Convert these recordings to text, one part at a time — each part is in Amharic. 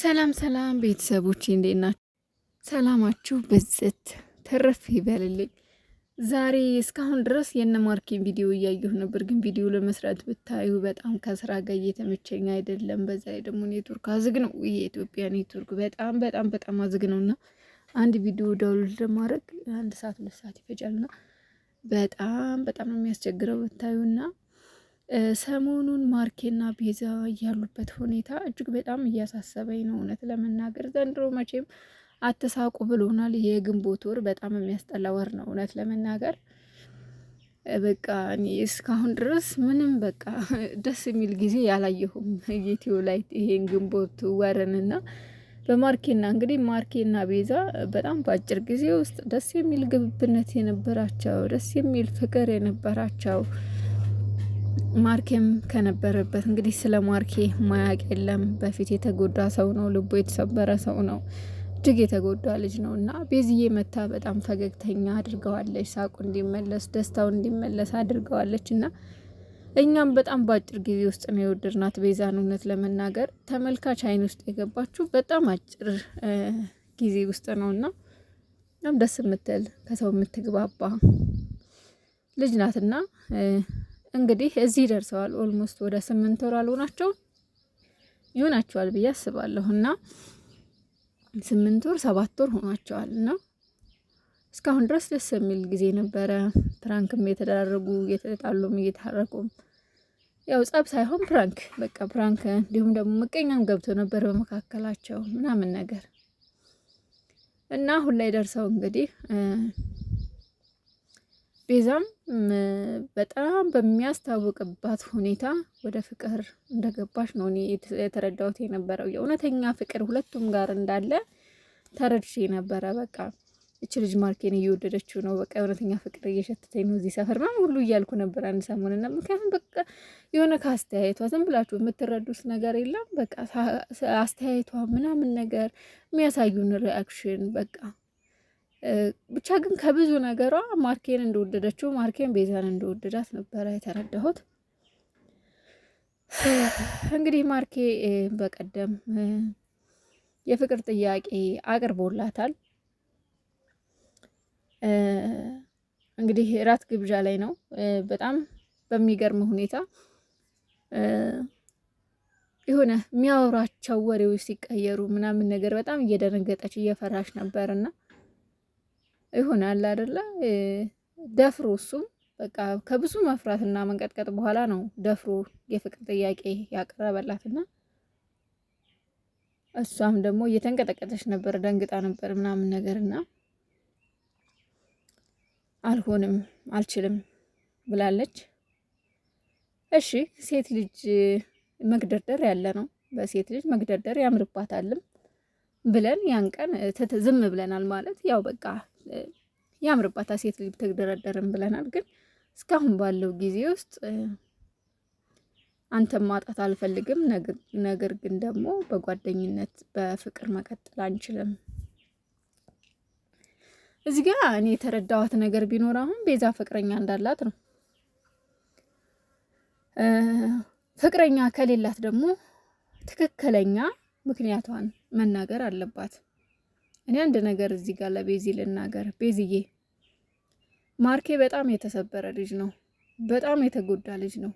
ሰላም ሰላም ቤተሰቦች እንዴት ናችሁ? ሰላማችሁ ብዝት ትርፍ ይበልልኝ። ዛሬ እስካሁን ድረስ የነማርኬን ቪዲዮ እያየሁ ነበር፣ ግን ቪዲዮ ለመስራት ብታዩ በጣም ከስራ ጋር እየተመቸኝ አይደለም። በዛ ላይ ደግሞ ኔትወርክ አዝግ ነው፣ የኢትዮጵያ ኔትወርክ በጣም በጣም በጣም አዝግ ነው እና አንድ ቪዲዮ ዳውንሎድ ለማድረግ አንድ ሰዓት ሁለት ሰዓት ይፈጃልና በጣም በጣም ነው የሚያስቸግረው ብታዩና ሰሞኑን ማርኬና ቤዛ ያሉበት ሁኔታ እጅግ በጣም እያሳሰበኝ ነው። እውነት ለመናገር ዘንድሮ መቼም አትሳቁ ብሎናል። የግንቦት ወር በጣም የሚያስጠላ ወር ነው። እውነት ለመናገር በቃ እኔ እስካሁን ድረስ ምንም በቃ ደስ የሚል ጊዜ ያላየሁም ጌቴዮ ላይ ይሄን ግንቦት ወርንና በማርኬና እንግዲህ ማርኬና ቤዛ በጣም በአጭር ጊዜ ውስጥ ደስ የሚል ግብብነት የነበራቸው ደስ የሚል ፍቅር የነበራቸው ማርኬም ከነበረበት እንግዲህ ስለ ማርኬ ማያቅ የለም። በፊት የተጎዳ ሰው ነው፣ ልቡ የተሰበረ ሰው ነው፣ እጅግ የተጎዳ ልጅ ነው እና ቤዝዬ መታ በጣም ፈገግተኛ አድርገዋለች። ሳቁ እንዲመለስ ደስታው እንዲመለስ አድርገዋለች እና እኛም በጣም በአጭር ጊዜ ውስጥ ነው የወደድናት ቤዛን። እውነት ለመናገር ተመልካች አይን ውስጥ የገባችሁ በጣም አጭር ጊዜ ውስጥ ነው እና በጣም ደስ የምትል ከሰው የምትግባባ ልጅ ናትና እንግዲህ እዚህ ደርሰዋል። ኦልሞስት ወደ ስምንት ወር አልሆናቸው ይሆናቸዋል ብዬ አስባለሁ እና ስምንት ወር ሰባት ወር ሆኗቸዋል እና እስካሁን ድረስ ደስ የሚል ጊዜ ነበረ። ፕራንክም እየተደራረጉ እየተጣሉም እየታረቁም ያው ጸብ ሳይሆን ፕራንክ በቃ ፕራንክ እንዲሁም ደግሞ ምቀኛም ገብቶ ነበር በመካከላቸው ምናምን ነገር እና አሁን ላይ ደርሰው እንግዲህ ቤዛም በጣም በሚያስታውቅባት ሁኔታ ወደ ፍቅር እንደገባች ነው እኔ የተረዳሁት የነበረው። የእውነተኛ ፍቅር ሁለቱም ጋር እንዳለ ተረድሽ ነበረ። በቃ እች ልጅ ማርኬን እየወደደችው ነው፣ በቃ የእውነተኛ ፍቅር እየሸተተኝ ነው እዚህ ሰፈር ምናምን ሁሉ እያልኩ ነበር አንድ ሰሞንና፣ ምክንያቱም በቃ የሆነ ከአስተያየቷ ዝም ብላችሁ የምትረዱት ነገር የለም። በቃ አስተያየቷ ምናምን ነገር የሚያሳዩን ሪያክሽን በቃ ብቻ ግን ከብዙ ነገሯ ማርኬን እንደወደደችው ማርኬን ቤዛን እንደወደዳት ነበረ የተረዳሁት። እንግዲህ ማርኬ በቀደም የፍቅር ጥያቄ አቅርቦላታል። እንግዲህ ራት ግብዣ ላይ ነው። በጣም በሚገርም ሁኔታ የሆነ የሚያወራቸው ወሬዎች ሲቀየሩ ምናምን ነገር በጣም እየደነገጠች እየፈራች ነበር እና ይሆናል አይደለ ደፍሮ እሱም በቃ ከብዙ መፍራትና መንቀጥቀጥ በኋላ ነው ደፍሮ የፍቅር ጥያቄ ያቀረበላትና እሷም ደግሞ እየተንቀጠቀጠች ነበር፣ ደንግጣ ነበር ምናምን ነገር እና አልሆንም አልችልም ብላለች። እሺ ሴት ልጅ መግደርደር ያለ ነው። በሴት ልጅ መግደርደር ያምርባታልም። ብለን ያን ቀን ዝም ብለናል። ማለት ያው በቃ ያምርባታ ሴት ልጅ ተግደረደርን ብለናል። ግን እስካሁን ባለው ጊዜ ውስጥ አንተን ማጣት አልፈልግም፣ ነገር ግን ደግሞ በጓደኝነት በፍቅር መቀጠል አንችልም። እዚህ ጋ እኔ የተረዳኋት ነገር ቢኖር አሁን ቤዛ ፍቅረኛ እንዳላት ነው። ፍቅረኛ ከሌላት ደግሞ ትክክለኛ ምክንያቷን መናገር አለባት። እኔ አንድ ነገር እዚህ ጋር ለቤዚ ልናገር። ቤዚዬ ማርኬ በጣም የተሰበረ ልጅ ነው። በጣም የተጎዳ ልጅ ነው።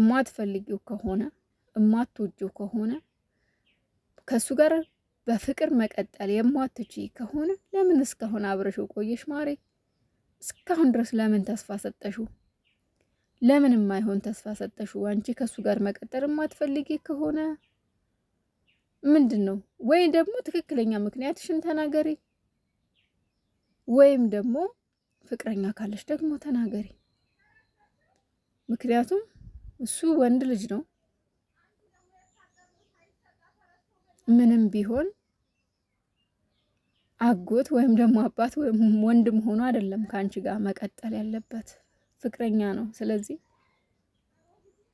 እማትፈልጊው ከሆነ እማትወጂው ከሆነ ከሱ ጋር በፍቅር መቀጠል የማትች ከሆነ ለምን እስካሁን አብረሽው ቆየሽ? ማሬ እስካሁን ድረስ ለምን ተስፋ ሰጠሽው? ለምን የማይሆን ተስፋ ሰጠሹ? አንቺ ከእሱ ጋር መቀጠር የማትፈልጊ ከሆነ ምንድን ነው ወይ ደግሞ ትክክለኛ ምክንያትሽን ተናገሪ፣ ወይም ደግሞ ፍቅረኛ ካለሽ ደግሞ ተናገሪ። ምክንያቱም እሱ ወንድ ልጅ ነው። ምንም ቢሆን አጎት ወይም ደግሞ አባት ወይም ወንድም ሆኖ አይደለም ከአንቺ ጋር መቀጠል ያለበት ፍቅረኛ ነው። ስለዚህ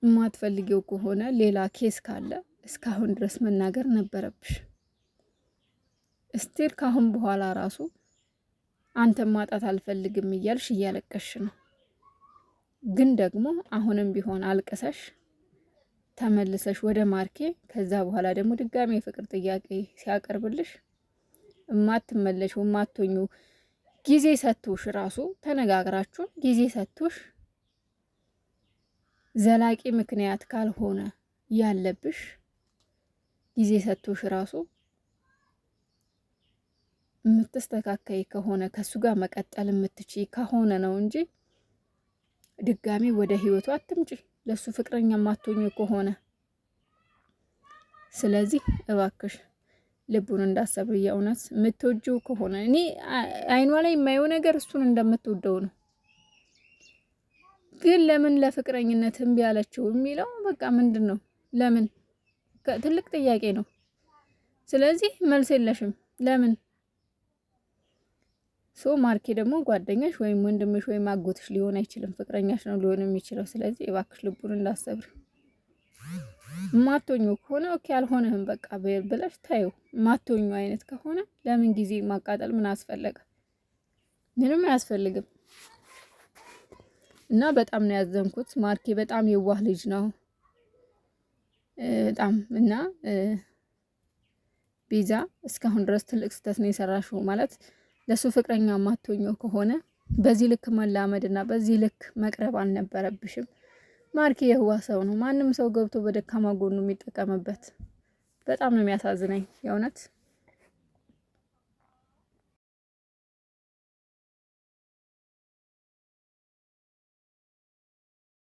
የማትፈልጊው ከሆነ ሌላ ኬስ ካለ እስካሁን ድረስ መናገር ነበረብሽ። እስቲል ካሁን በኋላ ራሱ አንተን ማጣት አልፈልግም እያልሽ እያለቀሽ ነው። ግን ደግሞ አሁንም ቢሆን አልቅሰሽ ተመልሰሽ ወደ ማርኬ፣ ከዛ በኋላ ደግሞ ድጋሚ የፍቅር ጥያቄ ሲያቀርብልሽ እማትመለሽ እማቶኙ ጊዜ ሰጥቶሽ ራሱ ተነጋግራችሁ ጊዜ ሰጥቶሽ ዘላቂ ምክንያት ካልሆነ ያለብሽ ጊዜ ሰጥቶሽ ራሱ የምትስተካከይ ከሆነ ከእሱ ጋር መቀጠል የምትችይ ከሆነ ነው እንጂ ድጋሚ ወደ ህይወቱ አትምጪ፣ ለእሱ ፍቅረኛ ማቶኝ ከሆነ። ስለዚህ እባክሽ ልቡን እንዳሰብ የእውነት የምትወጂው ከሆነ እኔ አይኗ ላይ የማየው ነገር እሱን እንደምትወደው ነው። ግን ለምን ለፍቅረኝነት እምቢ አለችው የሚለው በቃ ምንድን ነው ለምን ትልቅ ጥያቄ ነው። ስለዚህ መልስ የለሽም ለምን ሶ ማርኬ ደግሞ ጓደኛሽ ወይም ወንድምሽ ወይም አጎትሽ ሊሆን አይችልም፣ ፍቅረኛሽ ነው ሊሆን የሚችለው። ስለዚህ እባክሽ ልቡን እንዳሰብር ማቶኞ ከሆነ ኦኬ አልሆነህም በቃ ብለሽ ታዩ። ማቶኞ አይነት ከሆነ ለምን ጊዜ ማቃጠል ምን አስፈለገ? ምንም አያስፈልግም። እና በጣም ነው ያዘንኩት። ማርኬ በጣም የዋህ ልጅ ነው በጣም እና ቤዛ እስካሁን ድረስ ትልቅ ስህተት ነው የሰራሽው። ማለት ለእሱ ፍቅረኛ ማቶኞ ከሆነ በዚህ ልክ መላመድ እና በዚህ ልክ መቅረብ አልነበረብሽም። ማርኬ የህዋ ሰው ነው። ማንም ሰው ገብቶ በደካማ ጎኑ የሚጠቀምበት በጣም ነው የሚያሳዝነኝ የእውነት።